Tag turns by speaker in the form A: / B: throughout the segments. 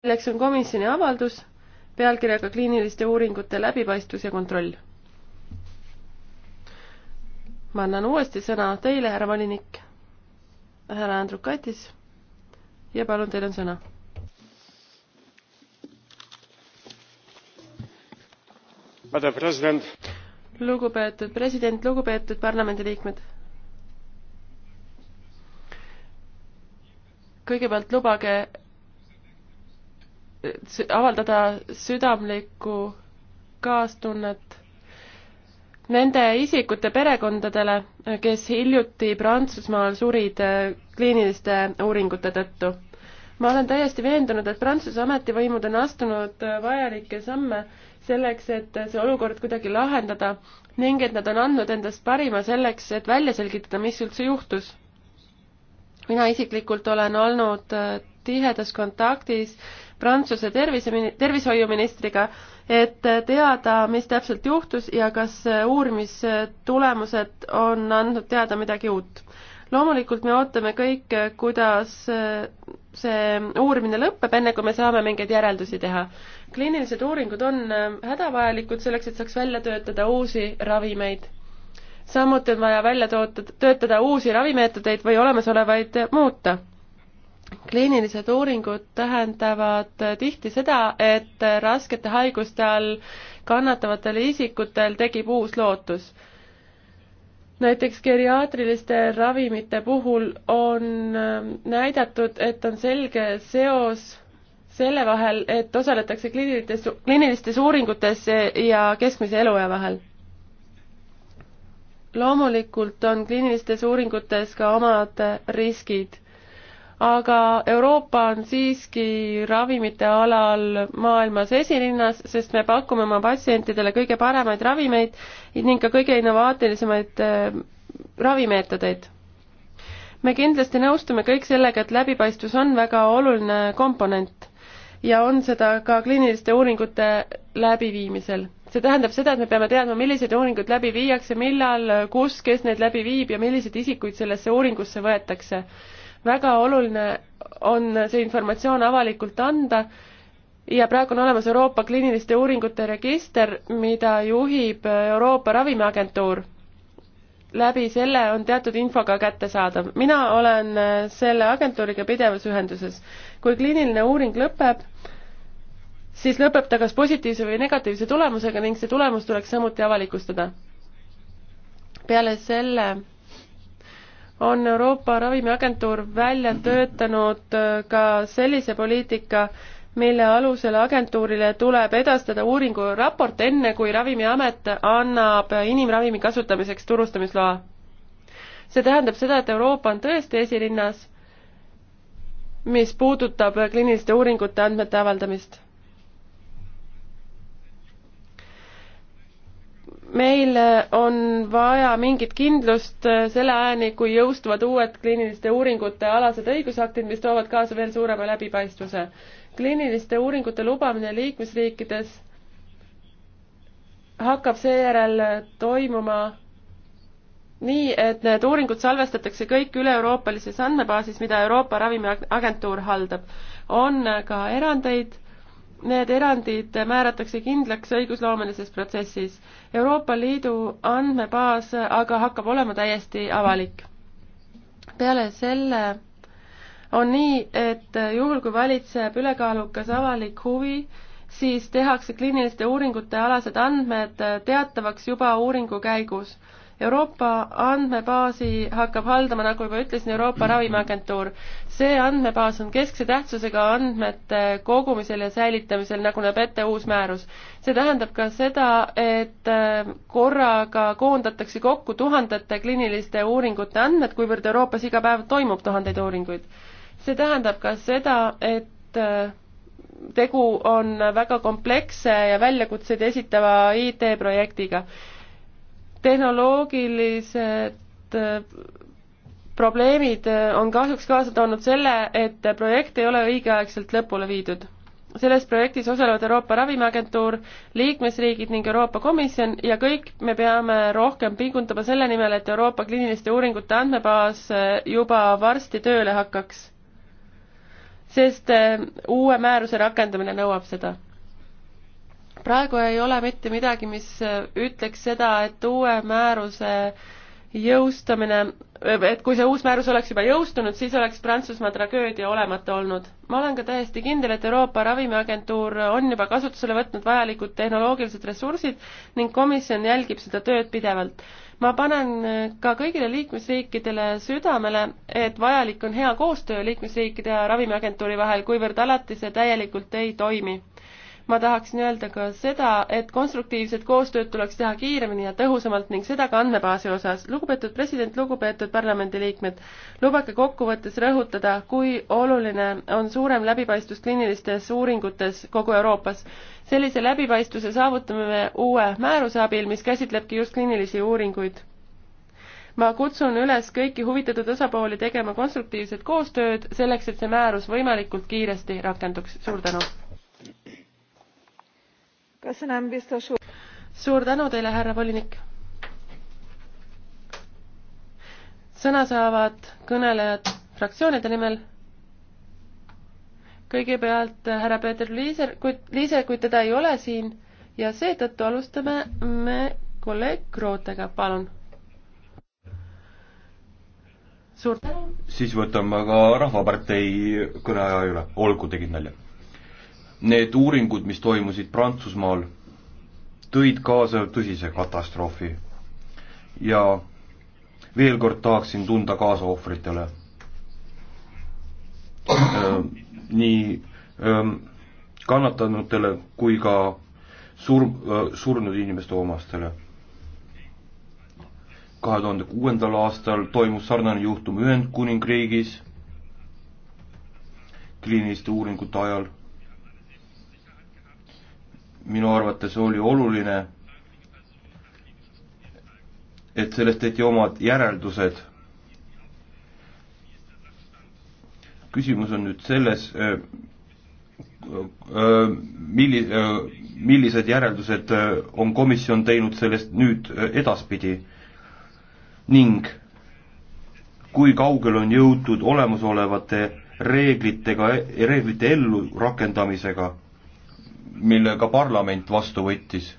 A: selleks on komisjoni avaldus pealkirjaga kliiniliste uuringute läbipaistvus ja kontroll. ma annan uuesti sõna teile, härra volinik, härra Andrukaitis ja palun, teil on sõna. lugupeetud president, lugupeetud parlamendiliikmed kõigepealt lubage avaldada südamlikku kaastunnet nende isikute perekondadele, kes hiljuti Prantsusmaal surid eh, kliiniliste uuringute tõttu. ma olen täiesti veendunud, et Prantsuse ametivõimud on astunud eh, vajalikke samme selleks, et see olukord kuidagi lahendada ning et nad on andnud endast parima selleks, et välja selgitada, mis üldse juhtus. mina isiklikult olen olnud eh, tihedas kontaktis Prantsuse tervise, tervishoiuministriga, et teada, mis täpselt juhtus ja kas uurimistulemused on andnud teada midagi uut. loomulikult me ootame kõik, kuidas see uurimine lõpeb, enne kui me saame mingeid järeldusi teha. kliinilised uuringud on hädavajalikud selleks, et saaks välja töötada uusi ravimeid. samuti on vaja välja toota, töötada uusi ravimeetodeid või olemasolevaid muuta kliinilised uuringud tähendavad tihti seda, et raskete haiguste all kannatavatel isikutel tekib uus lootus. näiteks geriaatriliste ravimite puhul on ähm, näidatud, et on selge seos selle vahel, et osaletakse kliinilistes, kliinilistes uuringutes ja keskmise eluea vahel. loomulikult on kliinilistes uuringutes ka omad riskid aga Euroopa on siiski ravimite alal maailmas esilinnas, sest me pakume oma patsientidele kõige paremaid ravimeid ning ka kõige innovaatilisemaid äh, ravimeetodeid. me kindlasti nõustume kõik sellega, et läbipaistvus on väga oluline komponent ja on seda ka kliiniliste uuringute läbiviimisel see tähendab seda, et me peame teadma, millised uuringud läbi viiakse, millal, kus, kes neid läbi viib ja milliseid isikuid sellesse uuringusse võetakse väga oluline on see informatsioon avalikult anda ja praegu on olemas Euroopa kliiniliste uuringute register, mida juhib Euroopa Ravimiagentuur. läbi selle on teatud info ka kättesaadav. mina olen selle agentuuriga pidevas ühenduses. kui kliiniline uuring lõpeb, siis lõpeb ta kas positiivse või negatiivse tulemusega ning see tulemus tuleks samuti avalikustada. peale selle on Euroopa Ravimiagentuur välja töötanud äh, ka sellise poliitika, mille alusel agentuurile tuleb edastada uuringuraport enne, kui Ravimiamet annab inimravimi kasutamiseks turustamisloa. see tähendab seda, et Euroopa on tõesti esirinnas, mis puudutab kliiniliste uuringute andmete avaldamist meil äh, on vaja mingit kindlust äh, selle ajani, kui jõustuvad uued kliiniliste uuringute alased õigusaktid, mis toovad kaasa veel suurema läbipaistvuse. kliiniliste uuringute lubamine liikmesriikides hakkab seejärel äh, toimuma nii, et need uuringud salvestatakse kõik üle-euroopalises andmebaasis, mida Euroopa Ravimiagentuur haldab. on ka erandeid Need erandid määratakse kindlaks õigusloomelises protsessis. Euroopa Liidu andmebaas aga hakkab olema täiesti avalik. peale selle on nii, et juhul, kui valitseb ülekaalukas avalik huvi, siis tehakse kliiniliste uuringute alased andmed teatavaks juba uuringu käigus Euroopa andmebaasi hakkab haldama, nagu juba ütlesin, Euroopa Ravimiagentuur. see andmebaas on keskse tähtsusega andmete kogumisel ja säilitamisel, nagu näeb ette uus määrus. see tähendab ka seda, et äh, korraga koondatakse kokku tuhandete kliiniliste uuringute andmed, kuivõrd Euroopas iga päev toimub tuhandeid uuringuid. see tähendab ka seda, et äh, tegu on väga kompleksse ja väljakutseid esitava IT-projektiga tehnoloogilised äh, probleemid äh, on kahjuks kaasa toonud selle, et projekt ei ole õigeaegselt lõpule viidud. selles projektis osalevad Euroopa Ravimiagentuur, liikmesriigid ning Euroopa Komisjon ja kõik me peame rohkem pingutama selle nimel, et Euroopa kliiniliste uuringute andmebaas äh, juba varsti tööle hakkaks. sest uue määruse rakendamine nõuab seda praegu ei ole mitte midagi, mis äh, ütleks seda, et uue määruse jõustamine, äh, et kui see uus määrus oleks juba jõustunud, siis oleks Prantsusmaa tragöödia olemata olnud. ma olen ka täiesti kindel, et Euroopa Ravimiagentuur on juba kasutusele võtnud vajalikud tehnoloogilised ressursid ning komisjon jälgib seda tööd pidevalt. ma panen äh, ka kõigile liikmesriikidele südamele, et vajalik on hea koostöö liikmesriikide ja Ravimiagentuuri vahel, kuivõrd alati see täielikult ei toimi ma tahaksin öelda ka seda, et konstruktiivset koostööd tuleks teha kiiremini ja tõhusamalt ning seda ka andmebaasi osas. lugupeetud president, lugupeetud parlamendiliikmed, lubage kokkuvõttes rõhutada, kui oluline on suurem läbipaistvus kliinilistes uuringutes kogu Euroopas. sellise läbipaistvuse saavutame me uue määruse abil, mis käsitlebki just kliinilisi uuringuid ma kutsun üles kõiki huvitatud osapooli tegema konstruktiivset koostööd selleks, et see määrus võimalikult kiiresti rakenduks. suur tänu! suur tänu teile, härra volinik. sõna saavad kõnelejad fraktsioonide nimel. kõigepealt härra Peeter Liiser, kuid Liise, kuid teda ei ole siin ja seetõttu alustame me kolleeg Krootega, palun. suur tänu.
B: siis võtame ka Rahvapartei kõneaja üle, olgu, tegin nalja Need uuringud, mis toimusid Prantsusmaal, tõid kaasa tõsise katastroofi. ja veel kord tahaksin tunda kaasa ohvritele. nii öö, kannatanutele kui ka sur-, surnud inimeste omastele. kahe tuhande kuuendal aastal toimus sarnane juhtum Ühendkuningriigis kliiniliste uuringute ajal minu arvates oli oluline, et sellest tehti omad järeldused. küsimus on nüüd selles, äh, äh, milli-, äh, millised järeldused on komisjon teinud sellest nüüd edaspidi ning kui kaugel on jõutud olemasolevate reeglitega, reeglite ellurakendamisega mille ka parlament vastu võttis.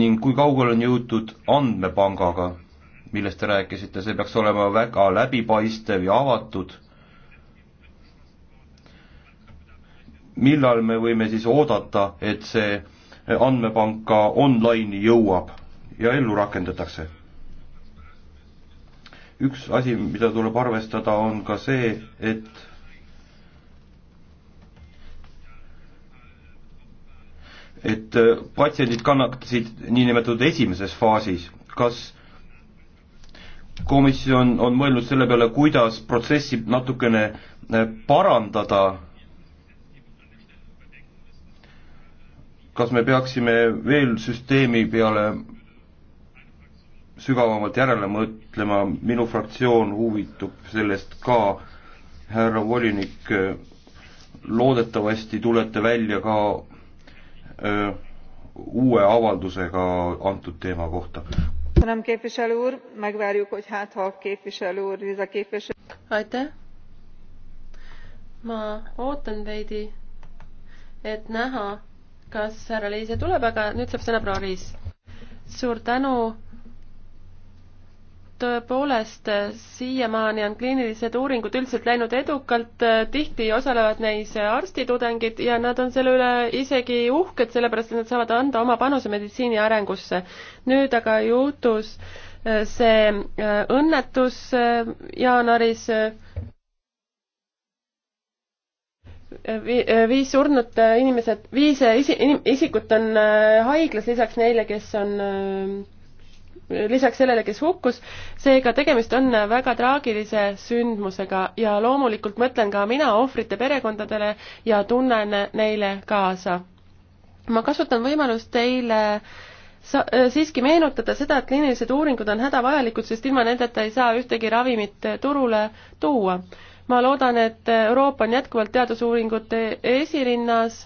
B: ning kui kaugele on jõutud andmepangaga, millest te rääkisite, see peaks olema väga läbipaistev ja avatud millal me võime siis oodata, et see andmepank ka online'i jõuab ja ellu rakendatakse? üks asi, mida tuleb arvestada, on ka see, et et äh, patsiendid kannatasid niinimetatud esimeses faasis, kas komisjon on mõelnud selle peale, kuidas protsessi natukene äh, parandada, kas me peaksime veel süsteemi peale sügavamalt järele mõtlema, minu fraktsioon huvitub sellest ka, härra volinik, äh, loodetavasti tulete välja ka Äh, uue avaldusega antud teema kohta.
A: aitäh. ma ootan veidi, et näha, kas härra Liise tuleb, aga nüüd saab sõna proua Liis. suur tänu tõepoolest, eh, siiamaani on kliinilised uuringud üldiselt läinud edukalt, eh, tihti osalevad neis arstitudengid ja nad on selle üle isegi uhked, sellepärast et nad saavad anda oma panuse meditsiini arengusse. nüüd aga juhtus eh, see õnnetus jaanuaris viis surnut inimesed, viis isikut on haiglas lisaks neile, kes on lisaks sellele, kes hukkus, seega tegemist on väga traagilise sündmusega ja loomulikult mõtlen ka mina ohvrite perekondadele ja tunnen neile kaasa. ma kasutan võimalust teile sa-, äh, siiski meenutada seda, et kliinilised uuringud on hädavajalikud, sest ilma nendeta ei saa ühtegi ravimit turule tuua. ma loodan, et Euroopa on jätkuvalt teadusuuringute esirinnas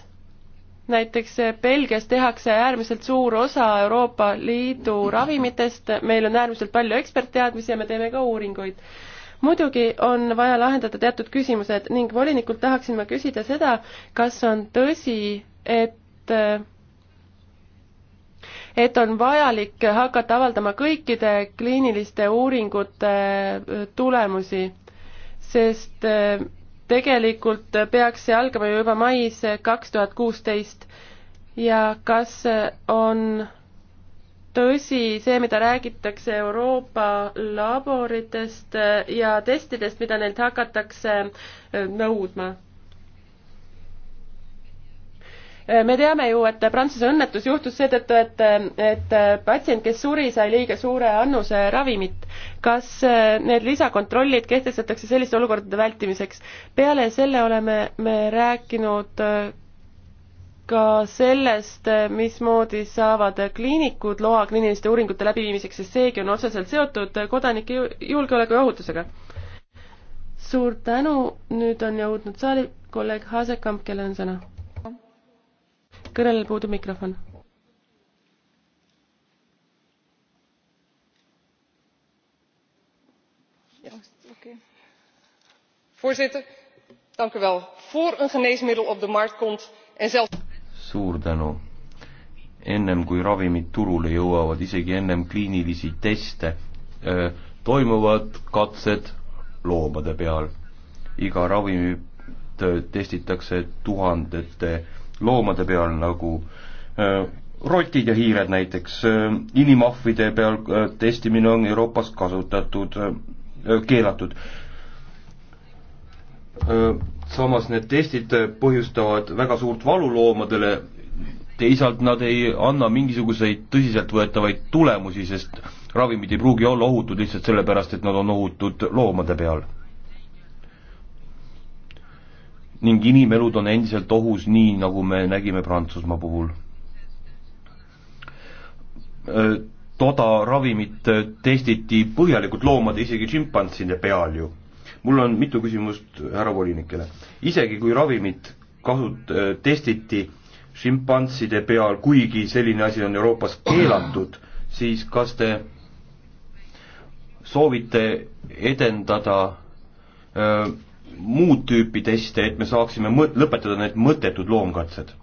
A: näiteks eh, Belgias tehakse äärmiselt suur osa Euroopa Liidu ravimitest, meil on äärmiselt palju ekspertteadmisi ja me teeme ka uuringuid. muidugi on vaja lahendada teatud küsimused ning volinikult tahaksin ma küsida seda, kas on tõsi, et eh, et on vajalik hakata avaldama kõikide kliiniliste uuringute eh, tulemusi, sest tegelikult peaks see algama juba mais kaks tuhat kuusteist ja kas on tõsi see, mida räägitakse Euroopa laboritest ja testidest, mida neilt hakatakse nõudma? me teame ju, et Prantsuse õnnetus juhtus seetõttu, et, et patsient, kes suri, sai liiga suure annuse ravimit kas äh, need lisakontrollid kehtestatakse selliste olukordade vältimiseks? peale selle oleme me rääkinud äh, ka sellest, äh, mismoodi saavad kliinikud loa kliiniliste uuringute läbiviimiseks, sest seegi on otseselt seotud kodanike julgeoleku ja ohutusega. suur tänu, nüüd on jõudnud saali kolleeg Hasekamp, kellel on sõna. kõnelejal puudub mikrofon
B: voorzitter voor een geneesmiddel op de markt komt en zelfs. suur tänu ennem kui ravimid turule jõuavad isegi ennem kliinilisi teste toimuvad katsed loomade peal iga ravimit testitakse tuhandete loomade peal nagu rotid ja hiired näiteks inimahvide peal testimine on Euroopas kasutatud keelatud samas need testid põhjustavad väga suurt valu loomadele, teisalt nad ei anna mingisuguseid tõsiseltvõetavaid tulemusi, sest ravimid ei pruugi olla ohutud lihtsalt sellepärast, et nad on ohutud loomade peal. ning inimelud on endiselt ohus, nii nagu me nägime Prantsusmaa puhul. toda ravimit testiti põhjalikult loomade, isegi šimpansside peal ju mul on mitu küsimust härra volinikele. isegi kui ravimit kasut-, äh, testiti šimpanside peal, kuigi selline asi on Euroopas keelatud, siis kas te soovite edendada öö, äh, muud tüüpi teste, et me saaksime mõ-, lõpetada need mõttetud loomkatsed?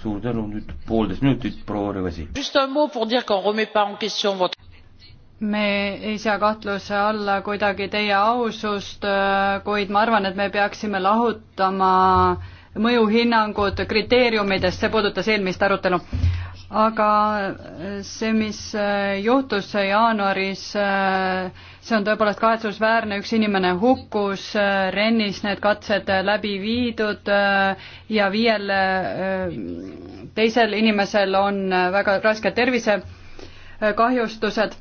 B: suur tänu, nüüd poolteist minutit, proua Rõivasi
C: me ei sea kahtluse alla kuidagi teie ausust, kuid ma arvan, et me peaksime lahutama mõjuhinnangud kriteeriumidest, see puudutas eelmist arutelu. aga see, mis äh, juhtus jaanuaris, äh, see on tõepoolest kahetsusväärne, üks inimene hukkus, äh, Rennis need katsed läbi viidud ja viiel teisel inimesel on väga rasked tervisekahjustused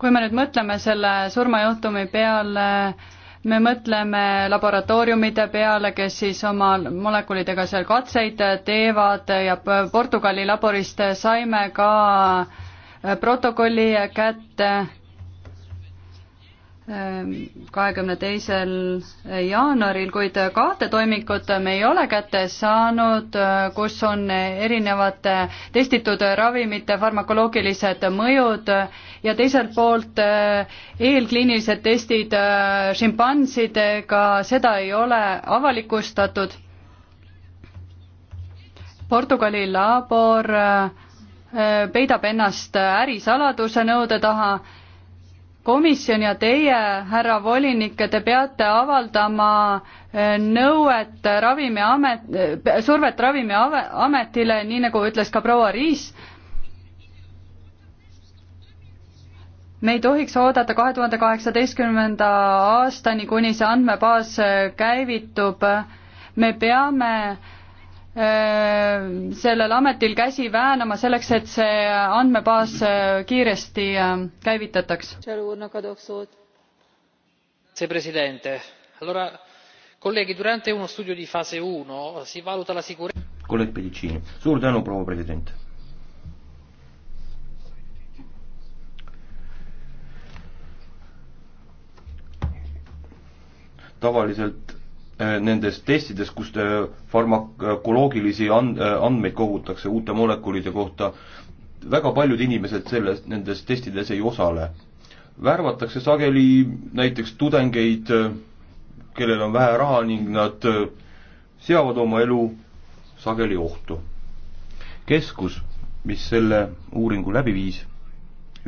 C: kui me nüüd mõtleme selle surmajuhtumi peale, me mõtleme laboratooriumide peale, kes siis oma molekulidega seal katseid teevad ja Portugali laborist saime ka protokolli kätte kahekümne teisel jaanuaril, kuid kahte toimikut me ei ole kätte saanud, kus on erinevate testitud ravimite farmakoloogilised mõjud ja teiselt poolt eh, eelkliinilised testid eh, šimpansidega, seda ei ole avalikustatud. Portugali labor eh, peidab ennast ärisaladuse nõude taha komisjon ja teie, härra volinik, te peate avaldama eh, nõuet Ravimiamet, eh, survet Ravimiametile, nii nagu ütles ka proua Riis. me ei tohiks oodata kahe tuhande kaheksateistkümnenda aastani, kuni see andmebaas eh, käivitub. me peame äh, Äh, sellel ametil käsi väänama selleks, et see andmebaas äh, kiiresti äh, käivitataks.
B: kolleeg Pedicini, suur tänu, proua president. tavaliselt Äh, nendes testides, kus äh, farmakoloogilisi and-, äh, andmeid kogutakse uute molekulide kohta, väga paljud inimesed selles, nendes testides ei osale. värvatakse sageli näiteks tudengeid, kellel on vähe raha ning nad seavad oma elu sageli ohtu. keskus, mis selle uuringu läbi viis,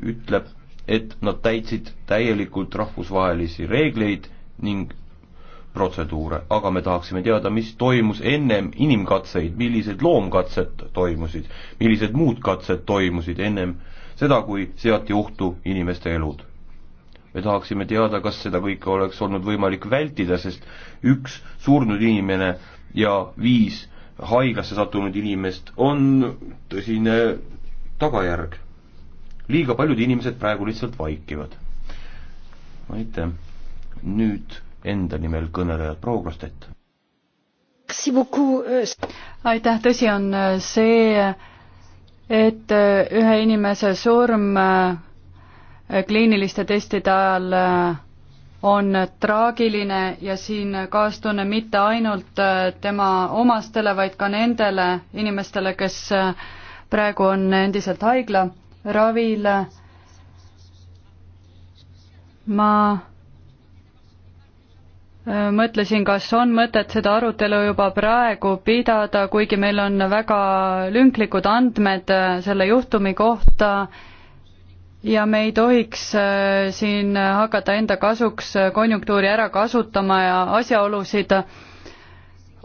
B: ütleb, et nad täitsid täielikult rahvusvahelisi reegleid ning protseduure, aga me tahaksime teada, mis toimus ennem inimkatseid, millised loomkatsed toimusid, millised muud katsed toimusid ennem seda, kui seati ohtu inimeste elud. me tahaksime teada, kas seda kõike oleks olnud võimalik vältida, sest üks surnud inimene ja viis haiglasse sattunud inimest on tõsine tagajärg. liiga paljud inimesed praegu lihtsalt vaikivad. aitäh. nüüd enda nimel kõnelejat, proua Krostet.
C: Euh, aitäh, tõsi on äh, see, et äh, ühe inimese surm äh, kliiniliste testide ajal on traagiline ja siin kaastunne mitte ainult tema omastele, vaid ka nendele inimestele, kes praegu on endiselt haiglaravil. ma Äh, mõtlesin, kas on mõtet seda arutelu juba praegu pidada, kuigi meil on väga lünklikud andmed äh, selle juhtumi kohta ja me ei tohiks äh, siin hakata enda kasuks konjunktuuri ära kasutama ja asjaolusid,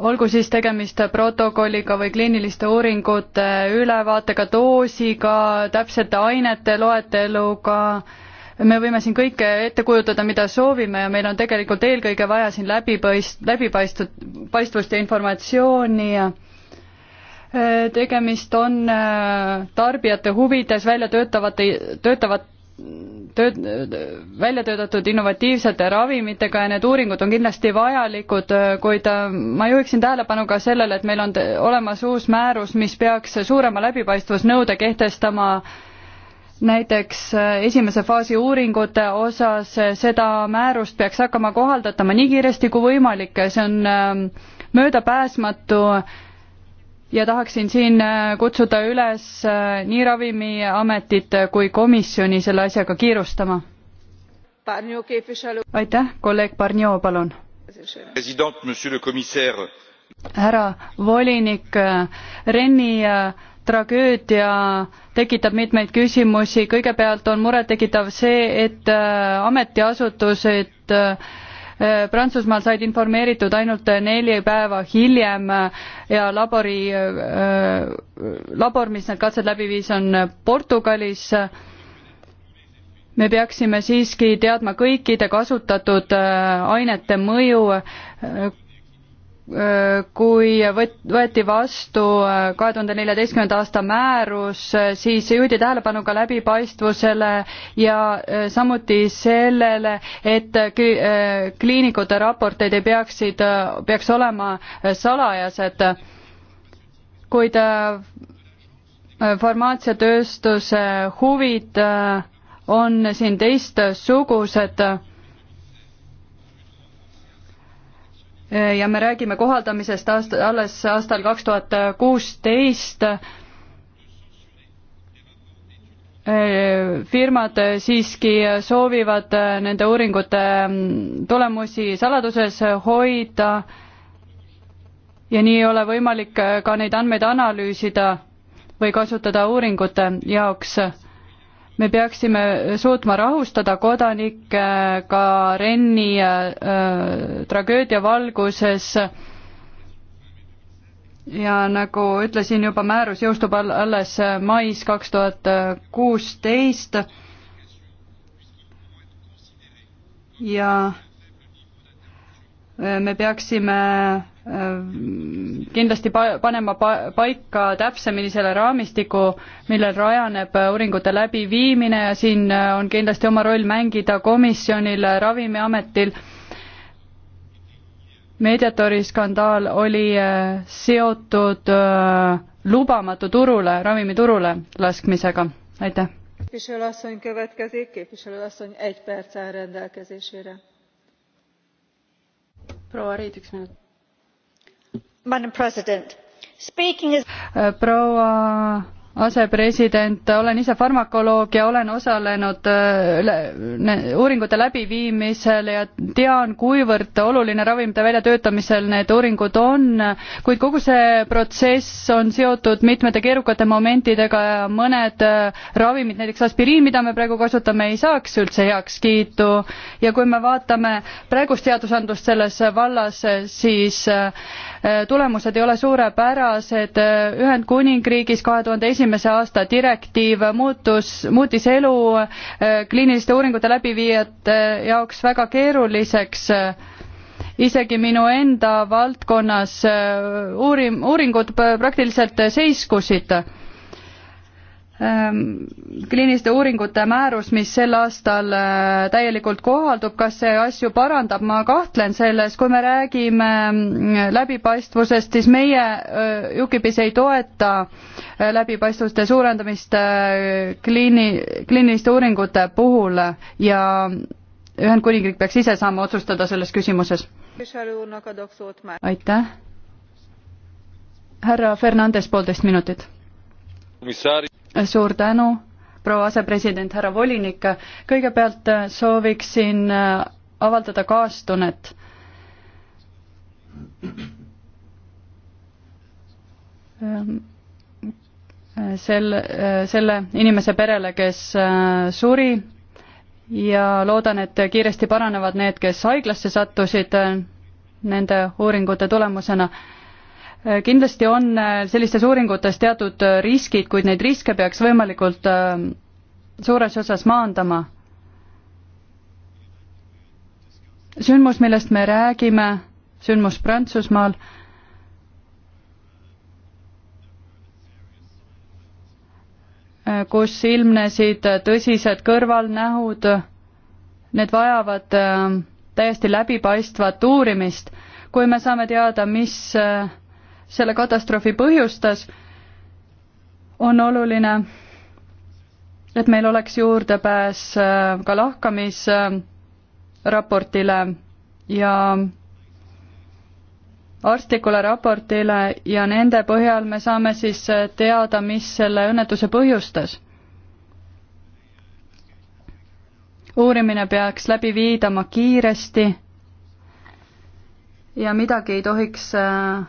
C: olgu siis tegemist protokolliga või kliiniliste uuringute ülevaatega, doosiga, täpsete ainete loeteluga, me võime siin kõike ette kujutada, mida soovime ja meil on tegelikult eelkõige vaja siin läbipaist-, läbipaistvat, paistvust ja informatsiooni ja äh, tegemist on äh, tarbijate huvides välja töötavate, töötavat-, tööd, välja töötatud innovatiivsete ravimitega ja need uuringud on kindlasti vajalikud, äh, kuid ma juhiksin tähelepanu ka sellele, et meil on olemas uus määrus, mis peaks suurema läbipaistvusnõude kehtestama äh, näiteks äh, esimese faasi uuringute osas äh, seda määrust peaks hakkama kohaldatama nii kiiresti kui võimalik, see on äh, möödapääsmatu ja tahaksin siin kutsuda üles nii Ravimiametit kui komisjoni selle asjaga kiirustama. aitäh, kolleeg Barnio, palun. härra volinik, Renni tragöödia tekitab mitmeid küsimusi, kõigepealt on murettekitav see, et äh, ametiasutused äh, Prantsusmaal said informeeritud ainult neli päeva hiljem äh, ja labori, labor, mis need katsed läbi viis, on Portugalis. me peaksime siiski teadma kõikide kasutatud ainete mõju kui võt-, võeti vastu äh, kahe tuhande neljateistkümnenda aasta määrus, äh, siis juhiti tähelepanu ka läbipaistvusele ja äh, samuti sellele, et kliinikute raporteid ei peaksid, peaks olema salajased, kuid farmaatsiatööstuse huvid on siin teistsugused ja me räägime kohaldamisest aast-, alles aastal kaks tuhat kuusteist, firmad siiski soovivad nende uuringute tulemusi saladuses hoida ja nii ei ole võimalik ka neid andmeid analüüsida või kasutada uuringute jaoks me peaksime suutma rahustada kodanikke ka Renni äh, tragöödia valguses ja nagu ütlesin juba, määrus jõustub alles mais kaks tuhat kuusteist ja me peaksime äh, kindlasti pa-, panema pa-, paika täpsemini selle raamistiku, millel rajaneb äh, uuringute läbiviimine ja siin äh, on kindlasti oma roll mängida komisjonil, Ravimiametil. Mediatori skandaal oli seotud lubamatu turule, ravimiturule laskmisega, aitäh proua Reid, üks minut. proua asepresident, olen ise farmakoloog ja olen osalenud äh, uuringute läbiviimisel ja tean, kuivõrd oluline ravimite väljatöötamisel need uuringud on, kuid kogu see protsess on seotud mitmete keerukate momentidega ja mõned äh, ravimid, näiteks aspiriin, mida me praegu kasutame, ei saaks üldse heakskiitu ja kui me vaatame praegust teadusandlust selles vallas, siis äh, tulemused ei ole suurepärased, Ühendkuningriigis kahe tuhande esimesel esimese aasta direktiiv muutus, muutis elu äh, kliiniliste uuringute läbiviijate äh, jaoks väga keeruliseks isegi minu enda valdkonnas äh, uurim-, uuringud praktiliselt seiskusid Ehm, kliiniliste uuringute määrus, mis sel aastal äh, täielikult kohaldub, kas see asju parandab, ma kahtlen selles, kui me räägime mm, läbipaistvusest, siis meie äh, UKIP-is ei toeta äh, läbipaistvuste suurendamist kliini, kliiniliste uuringute puhul ja Ühendkuningriik peaks ise saama otsustada selles küsimuses. aitäh. härra Fernandes, poolteist minutit. komissarid suur tänu, proua asepresident, härra volinik, kõigepealt äh, sooviksin äh, avaldada kaastunnet ähm, äh, selle, selle inimese perele, kes suri ja loodan, et kiiresti paranevad need, kes haiglasse sattusid nende uuringute tulemusena kindlasti on äh, sellistes uuringutes teatud äh, riskid, kuid neid riske peaks võimalikult äh, suures osas maandama. sündmus, millest me räägime, sündmus Prantsusmaal, kus ilmnesid tõsised kõrvalnähud, need vajavad täiesti läbipaistvat uurimist, kui me saame teada, mis selle katastroofi põhjustas, on oluline, et meil oleks juurdepääs äh, ka lahkamisraportile ja arstlikule raportile ja nende põhjal me saame siis äh, teada, mis selle õnnetuse põhjustas. uurimine peaks läbi viidama kiiresti ja midagi ei tohiks äh,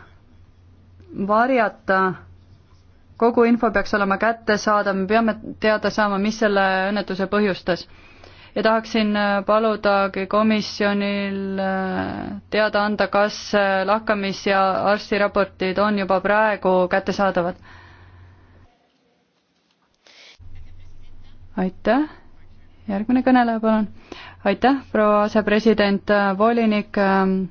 C: varjata, kogu info peaks olema kättesaadav, me peame teada saama, mis selle õnnetuse põhjustas. ja tahaksin äh, paludagi komisjonil äh, teada anda, kas äh, lahkamis- ja arstiraportid on juba praegu kättesaadavad. aitäh, järgmine kõneleja, palun. aitäh, proua asepresident, volinik, ähm,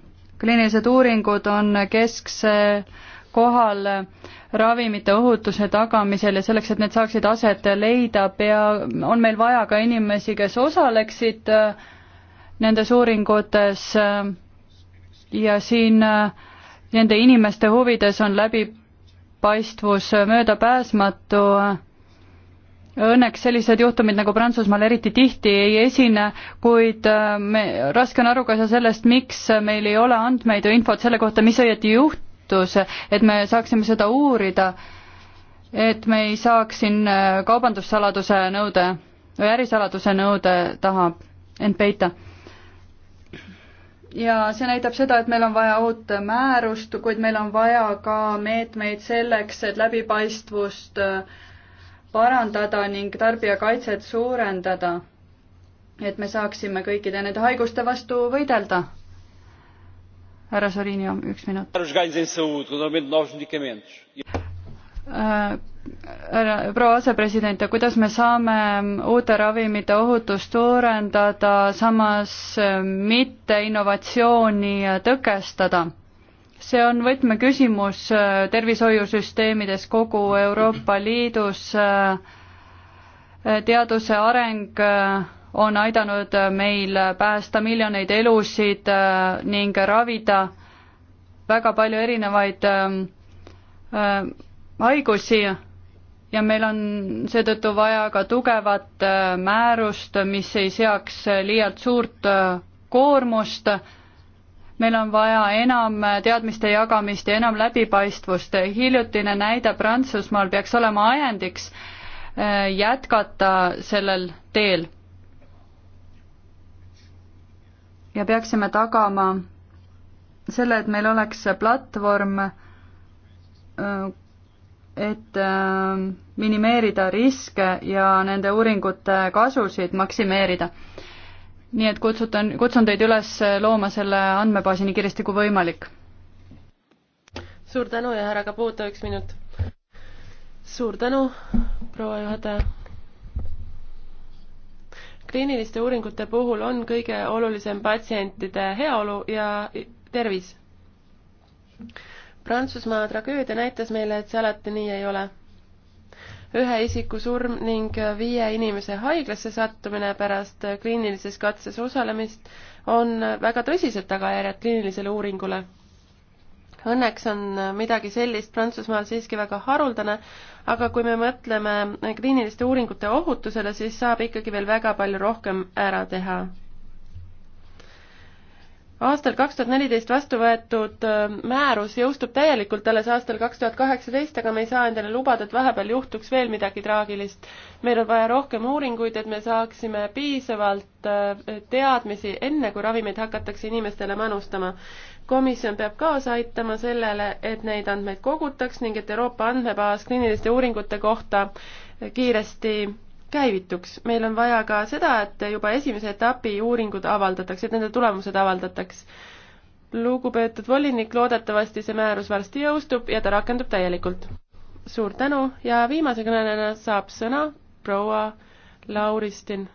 C: kliinilised uuringud on keskse kohal ravimite ohutuse tagamisel ja selleks, et need saaksid aset leida, pea, on meil vaja ka inimesi, kes osaleksid äh, nendes uuringutes äh, ja siin äh, nende inimeste huvides on läbipaistvus möödapääsmatu. Õnneks sellised juhtumid nagu Prantsusmaal eriti tihti ei esine, kuid me, raske on aru ka sellest, miks meil ei ole andmeid ja infot selle kohta, mis õieti juht-, muutus, et me saaksime seda uurida, et me ei saaks siin äh, kaubandussaladuse nõude või ärisaladuse nõude taha end peita. ja see näitab seda, et meil on vaja uut määrust, kuid meil on vaja ka meetmeid selleks, et läbipaistvust äh, parandada ning tarbijakaitset suurendada et me saaksime kõikide nende haiguste vastu võidelda härra Sorinio, üks minut. Äh, härra, proua asepresident, kuidas me saame ähm, uute ravimite ohutust suurendada, samas ähm, mitte innovatsiooni äh, tõkestada? see on võtmeküsimus äh, tervishoiusüsteemides kogu Euroopa Liidus, teaduse areng on aidanud meil päästa miljoneid elusid äh, ning ravida väga palju erinevaid äh, äh, haigusi ja meil on seetõttu vaja ka tugevat määrust, mis ei seaks liialt suurt koormust. meil on vaja enam teadmiste jagamist ja enam läbipaistvust. hiljutine näide Prantsusmaal peaks olema ajendiks jätkata sellel teel ja peaksime tagama selle, et meil oleks platvorm, et äh, minimeerida riske ja nende uuringute kasusid maksimeerida. nii et kutsutan, kutsun teid üles looma selle andmebaasi nii kiiresti kui võimalik.
A: suur tänu ja härra Kapuuto, üks minut. suur tänu, proua juhataja kliiniliste uuringute puhul on kõige olulisem patsientide heaolu ja tervis. Prantsusmaa tragöödia näitas meile, et see alati nii ei ole. ühe isiku surm ning viie inimese haiglasse sattumine pärast kliinilises katses osalemist on väga tõsised tagajärjed kliinilisele uuringule Õnneks on midagi sellist Prantsusmaal siiski väga haruldane, aga kui me mõtleme kliiniliste uuringute ohutusele, siis saab ikkagi veel väga palju rohkem ära teha. aastal kaks tuhat neliteist vastu võetud äh, määrus jõustub täielikult alles aastal kaks tuhat kaheksateist, aga me ei saa endale lubada, et vahepeal juhtuks veel midagi traagilist. meil on vaja rohkem uuringuid, et me saaksime piisavalt äh, teadmisi, enne kui ravimeid hakatakse inimestele manustama komisjon peab kaasa aitama sellele, et neid andmeid kogutaks ning et Euroopa andmebaas kliiniliste uuringute kohta kiiresti käivituks. meil on vaja ka seda, et juba esimese etapi uuringud avaldatakse, et nende tulemused avaldataks. lugupeetud volinik, loodetavasti see määrus varsti jõustub ja ta rakendub täielikult. suur tänu ja viimase kõnelejana saab sõna proua Lauristin.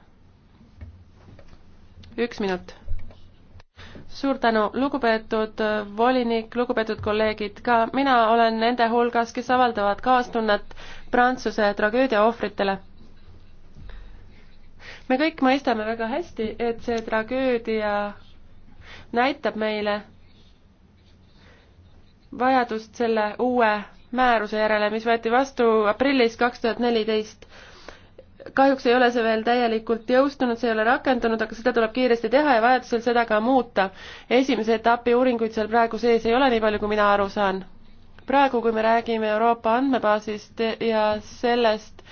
A: üks minut suur tänu, lugupeetud äh, volinik, lugupeetud kolleegid, ka mina olen nende hulgas, kes avaldavad kaastunnet Prantsuse tragöödia ohvritele. me kõik mõistame väga hästi, et see tragöödia näitab meile vajadust selle uue määruse järele, mis võeti vastu aprillis kaks tuhat neliteist kahjuks ei ole see veel täielikult jõustunud, see ei ole rakendunud, aga seda tuleb kiiresti teha ja vajadusel seda ka muuta. esimese etapi uuringuid seal praegu sees ei ole, nii palju kui mina aru saan. praegu, kui me räägime Euroopa andmebaasist ja sellest,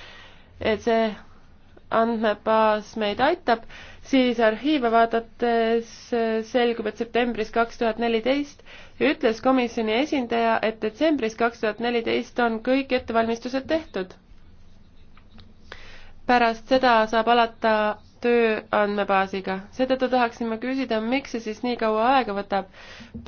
A: et see andmebaas meid aitab, siis arhiive vaadates selgub, et septembris kaks tuhat neliteist ütles komisjoni esindaja, et detsembris kaks tuhat neliteist on kõik ettevalmistused tehtud pärast seda saab alata töö andmebaasiga. seetõttu tahaksime küsida, miks see siis nii kaua aega võtab.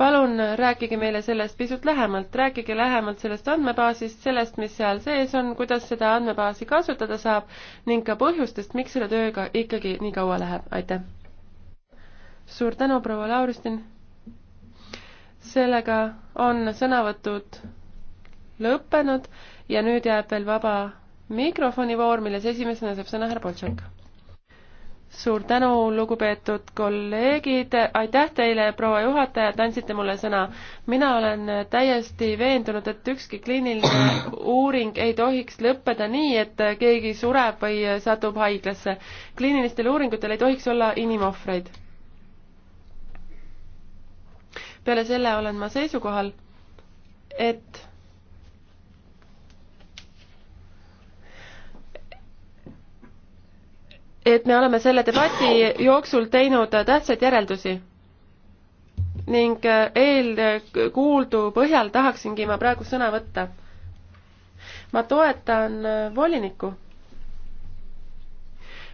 A: palun rääkige meile sellest pisut lähemalt, rääkige lähemalt sellest andmebaasist, sellest, mis seal sees on, kuidas seda andmebaasi kasutada saab ning ka põhjustest, miks selle tööga ikkagi nii kaua läheb, aitäh. suur tänu, proua Lauristin. sellega on sõnavõtud lõppenud ja nüüd jääb veel vaba mikrofoni voor, milles esimesena saab sõna härra Boltšak. suur tänu, lugupeetud kolleegid, aitäh teile, proua juhataja, et andsite mulle sõna. mina olen täiesti veendunud, et ükski kliiniline uuring ei tohiks lõppeda nii, et keegi sureb või satub haiglasse. kliinilistel uuringutel ei tohiks olla inimohvreid. peale selle olen ma seisukohal, et et me oleme selle debati jooksul teinud tähtsaid järeldusi ning äh, eelkuuldu põhjal tahaksingi ma praegu sõna võtta. ma toetan äh, volinikku.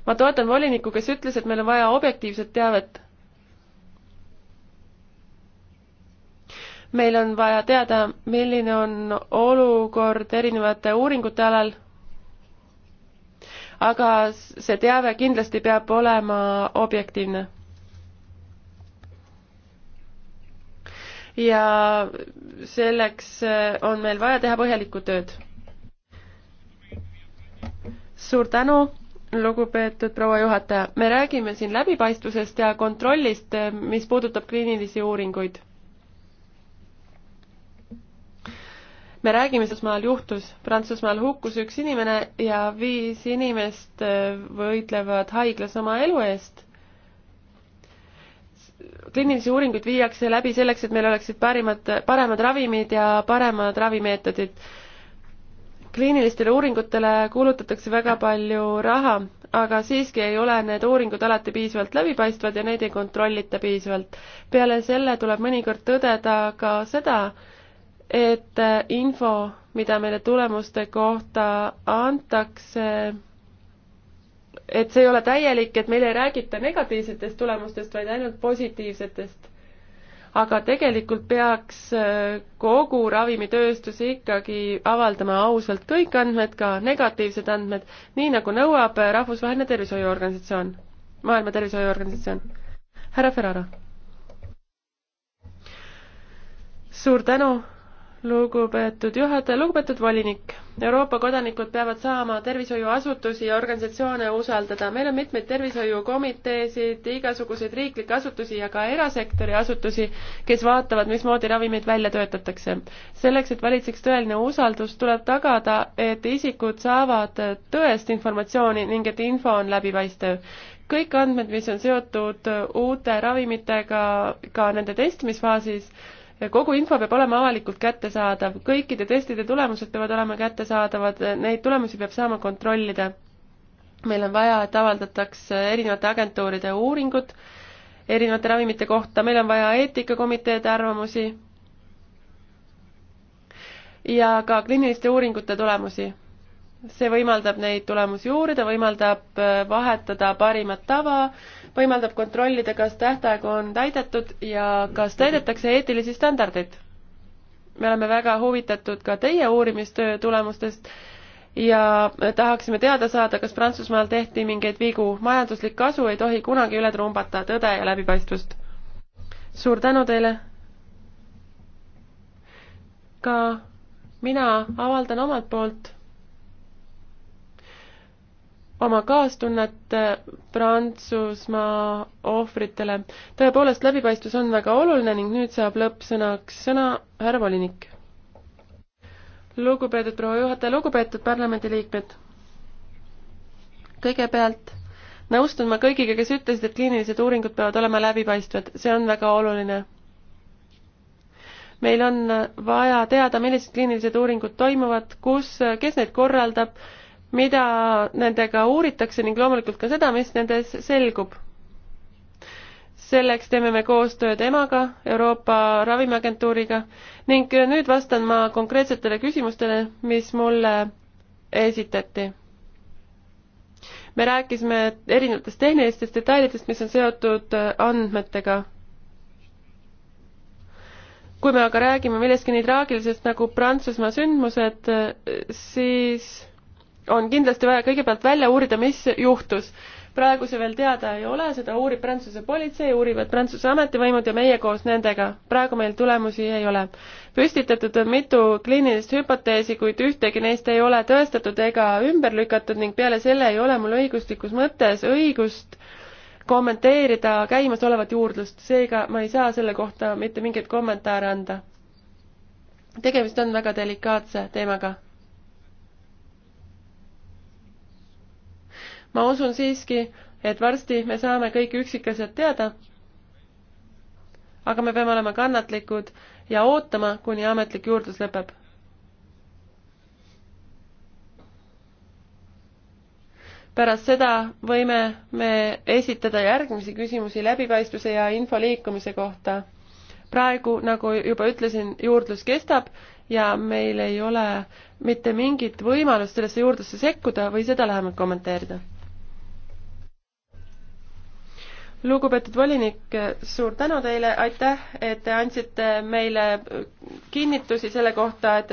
A: ma toetan volinikku, kes ütles, et meil on vaja objektiivset teavet. meil on vaja teada, milline on olukord erinevate uuringute alal aga see teave kindlasti peab olema objektiivne. ja selleks eh, on meil vaja teha põhjalikku tööd. suur tänu lugupeetud proua juhataja, me räägime siin läbipaistvusest ja kontrollist, eh, mis puudutab kliinilisi uuringuid me räägime, Prantsusmaal juhtus, Prantsusmaal hukkus üks inimene ja viis inimest äh, võitlevad haiglas oma elu eest. kliinilisi uuringuid viiakse läbi selleks, et meil oleksid parimad, paremad ravimid ja paremad ravimeetodid. kliinilistele uuringutele kulutatakse väga palju raha, aga siiski ei ole need uuringud alati piisavalt läbipaistvad ja neid ei kontrollita piisavalt. peale selle tuleb mõnikord tõdeda ka seda, et äh, info, mida meile tulemuste kohta antakse, et see ei ole täielik, et meile ei räägita negatiivsetest tulemustest, vaid ainult positiivsetest. aga tegelikult peaks äh, kogu ravimitööstus ikkagi avaldama ausalt kõik andmed, ka negatiivsed andmed, nii nagu nõuab äh, Rahvusvaheline Tervishoiuorganisatsioon, Maailma Tervishoiuorganisatsioon. härra Ferrara. suur tänu lugupeetud juhataja, lugupeetud volinik. Euroopa kodanikud peavad saama tervishoiuasutusi ja organisatsioone usaldada. meil on mitmeid tervishoiukomiteesid, igasuguseid riiklikke asutusi ja ka erasektori asutusi, kes vaatavad, mismoodi ravimeid välja töötatakse. selleks, et valitseks tõeline usaldus, tuleb tagada, et isikud saavad tõest informatsiooni ning et info on läbipaistev kõik andmed, mis on seotud uute ravimitega ka nende testimisfaasis, kogu info peab olema avalikult kättesaadav, kõikide testide tulemused peavad olema kättesaadavad, neid tulemusi peab saama kontrollida. meil on vaja, et avaldataks erinevate agentuuride uuringud erinevate ravimite kohta, meil on vaja eetikakomiteede arvamusi ja ka kliiniliste uuringute tulemusi see võimaldab neid tulemusi uurida, võimaldab äh, vahetada parimat tava, võimaldab kontrollida, kas tähtaeg on täidetud ja kas täidetakse eetilisi standardeid. me oleme väga huvitatud ka teie uurimistöö tulemustest ja tahaksime teada saada, kas Prantsusmaal tehti mingeid vigu. majanduslik kasu ei tohi kunagi üle trumbata tõde ja läbipaistvust. suur tänu teile! ka mina avaldan omalt poolt oma kaastunnet äh, Prantsusmaa ohvritele. tõepoolest, läbipaistvus on väga oluline ning nüüd saab lõppsõnaks sõna härra volinik. lugupeetud proua juhataja, lugupeetud parlamendiliikmed. kõigepealt nõustun ma kõigiga, kes ütlesid, et kliinilised uuringud peavad olema läbipaistvad, see on väga oluline. meil on vaja teada, millised kliinilised uuringud toimuvad, kus, kes neid korraldab mida nendega uuritakse ning loomulikult ka seda, mis nendes selgub. selleks teeme me koostööd EMA-ga, Euroopa Ravimiagentuuriga ning nüüd vastan ma konkreetsetele küsimustele, mis mulle esitati. me rääkisime erinevatest tehnilistest detailidest, mis on seotud andmetega kui me aga räägime millestki nii traagilisest nagu Prantsusmaa sündmused, siis on kindlasti vaja kõigepealt välja uurida, mis juhtus. praegu see veel teada ei ole, seda uurib Prantsuse politsei, uurivad Prantsuse ametivõimud ja meie koos nendega. praegu meil tulemusi ei ole. püstitatud on mitu kliinilist hüpoteesi, kuid ühtegi neist ei ole tõestatud ega ümber lükatud ning peale selle ei ole mul õiguslikus mõttes õigust kommenteerida käimasolevat juurdlust, seega ma ei saa selle kohta mitte mingeid kommentaare anda. tegemist on väga delikaatse teemaga ma usun siiski, et varsti me saame kõik üksikasjad teada. aga me peame olema kannatlikud ja ootama, kuni ametlik juurdlus lõpeb. pärast seda võime me esitada järgmisi küsimusi läbipaistvuse ja info liikumise kohta. praegu, nagu juba ütlesin, juurdlus kestab ja meil ei ole mitte mingit võimalust sellesse juurdlusse sekkuda või seda lähemalt kommenteerida lugupeetud volinik, suur tänu teile, aitäh, et te andsite meile kinnitusi selle kohta, et